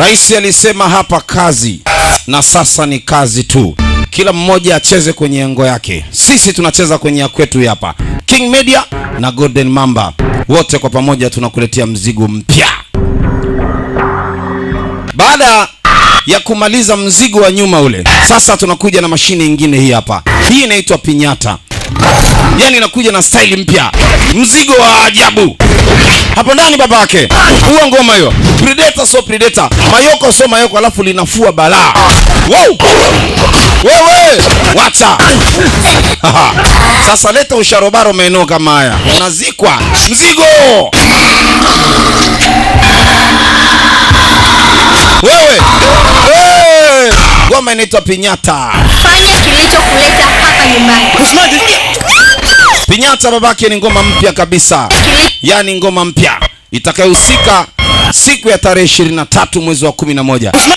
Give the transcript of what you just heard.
Rais alisema hapa kazi na sasa ni kazi tu, kila mmoja acheze kwenye engo yake. Sisi tunacheza kwenye ya kwetu hapa. King Media na Golden Mamba wote kwa pamoja tunakuletea mzigo mpya. Baada ya kumaliza mzigo wa nyuma ule, sasa tunakuja na mashine nyingine hii hapa. Hii inaitwa pinyata, yaani inakuja na staili mpya, mzigo wa ajabu hapo ndani yake huo ah. ngoma hiyo. Predator so predator, mayoko so mayoko, alafu linafua balaa. Wow! Wewe wacha sasa, leta usharobaro maeneo kama haya, unazikwa mzigo wewe. Wewe, ngoma inaitwa pinyata. Fanya kilichokuleta hapa nyumbani. Kenyatta babake ni ngoma mpya kabisa, yani ngoma mpya itakayohusika siku ya tarehe 23 mwezi wa 11.